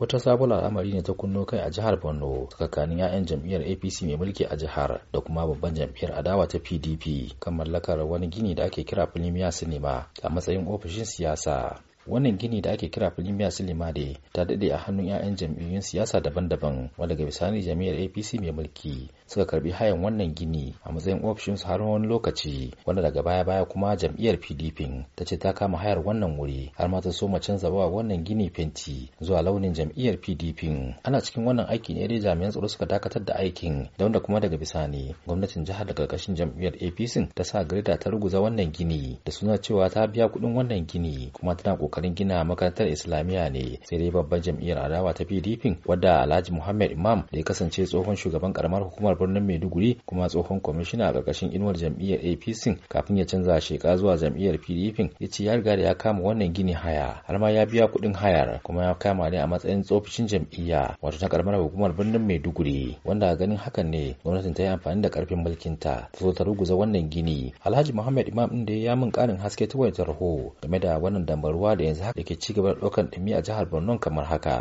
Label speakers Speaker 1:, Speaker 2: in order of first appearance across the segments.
Speaker 1: wata sabon al'amari ne ta kunno kai a jihar borno tsakanin 'ya'yan jam'iyyar apc mai mulki a jihar da kuma babban jam'iyyar adawa ta pdp kan mallakar wani gini da ake kira premier Sinima a matsayin ofishin siyasa wannan gini da ake kira filimiya Silima da ta dade a hannun 'ya'yan jam'iyyun siyasa daban-daban wanda ga bisani jami'ar APC mai mulki suka karbi hayan wannan gini a matsayin options har wani lokaci wanda daga baya-baya kuma jam'iyyar PDP ta ce ta kama hayar wannan wuri har ma ta soma canza wa wannan gini fenti zuwa launin jam'iyyar PDP ana cikin wannan aiki ne dai jami'an tsaro suka dakatar da aikin da wanda kuma daga bisani gwamnatin jihar da karkashin jam'iyyar APC ta sa greda ta ruguza wannan gini da suna cewa ta biya kuɗin wannan gini kuma tana kokarin kokarin gina makarantar islamiyya ne sai dai babban jam'iyyar adawa ta pdp wadda alhaji muhammad imam da ya kasance tsohon shugaban karamar hukumar birnin maiduguri kuma tsohon kwamishina a ƙarƙashin inuwar jam'iyyar apc kafin ya canza sheka zuwa jam'iyyar pdp ya ce ya riga da ya kama wannan gini haya har ma ya biya kuɗin hayar kuma ya kama ne a matsayin tsofaffin jam'iyya wato ta karamar hukumar birnin maiduguri wanda a ganin hakan ne gwamnatin ta yi amfani da karfin mulkin ta zo ta ruguza wannan gini alhaji muhammad imam ɗin da ya min ƙarin haske ta wayar tarho game da wannan dambaruwa da yanzu haka ke ci gaba da ɗaukar ɗumi a jihar Borno kamar haka.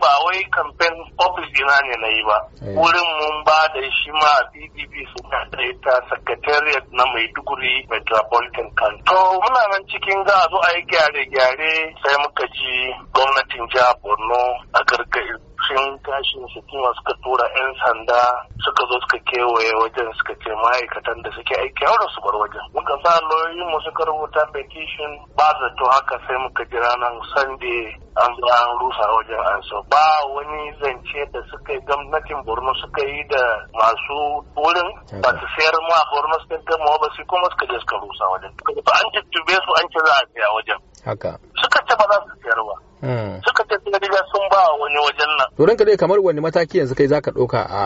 Speaker 2: ba wai kamfen ofis ina ne na yi ba. Eh. Wurin mun ba da shi ma PDP suna da ita secretariat na Maiduguri Metropolitan Council. To muna nan cikin za a zo a yi gyare-gyare sai muka ji gwamnatin jihar Borno a gargajiya. su sukuma suka tura 'yan sanda suka zo suka kewaye wajen suka ce ma'aikatan da suke aiki wurin su bar wajen muka sa lauyoyin mu suka rubuta petition ba zato haka sai muka jira nan sande an zo an rusa wajen an so ba wani zance da suka yi gwamnatin borno suka yi da masu wurin ba su sayar ma borno suka gama ba su kuma suka je suka rusa wajen an tuttube su an ci za a tsaya wajen haka suka ce ba za su sayar ba hmm. wajen nan. To
Speaker 1: ranka dai kamar wani mataki yanzu kai zaka ɗauka a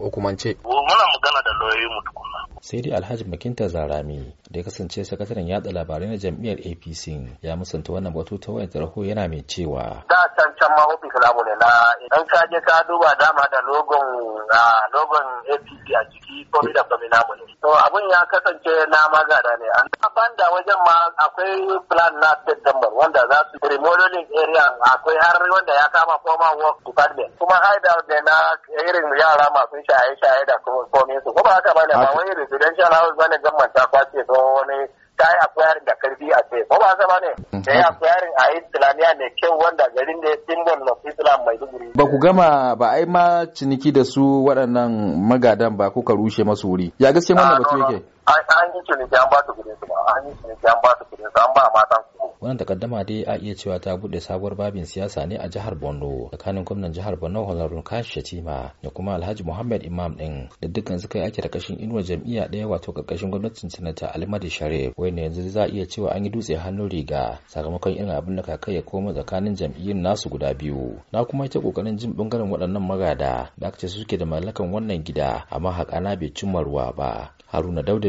Speaker 1: hukumance?
Speaker 2: Muna magana
Speaker 3: da lauyoyin mu tukuna.
Speaker 1: sai dai alhaji makinta zarami da ya kasance sakataren yada labarai na jam'iyyar apc ya musanta wannan batu ta wayar tarho yana mai cewa
Speaker 3: da can can ma ofis labule ne na idan ka je ka duba dama da logon logon APC a ciki ko da kwami namu ne. To abun ya kasance na magada ne. An banda wajen ma akwai plan na September wanda za su remodeling area akwai har wanda ya kama koma work department kuma haida da na irin yara masu shaye-shaye da komai su. Ko ba haka bane ba wai residential house bane government ta kwace don Da ya tsarin a islamiya mai kyau wanda garin da ya na of Islam mai duguri. Ba ku
Speaker 1: gama ba ai ma ciniki da su waɗannan magadan ba ko ka rushe masu wuri. Ya gaske wannan ah, batu yake.
Speaker 3: an yi ciniki an ba su kudin ba an yi ciniki an ba su kudin an ba matan
Speaker 1: wannan takaddama dai a iya cewa ta bude sabuwar babin siyasa ne a jihar Borno tsakanin gwamnan jihar Borno Honorable Kashi Shatima da kuma Alhaji Muhammad Imam din da dukkan suka yi ake da kashin inuwar jam'iyya daya wato karkashin gwamnatin sanata Almadi Sharif na yanzu za a iya cewa an yi dutse hannun riga sakamakon irin abin da kakai ya koma tsakanin jam'iyyun nasu guda biyu na kuma ita kokarin jin bangaren waɗannan magada da aka ce suke da mallakan wannan gida amma haƙana bai cimma ruwa ba Haruna Dauda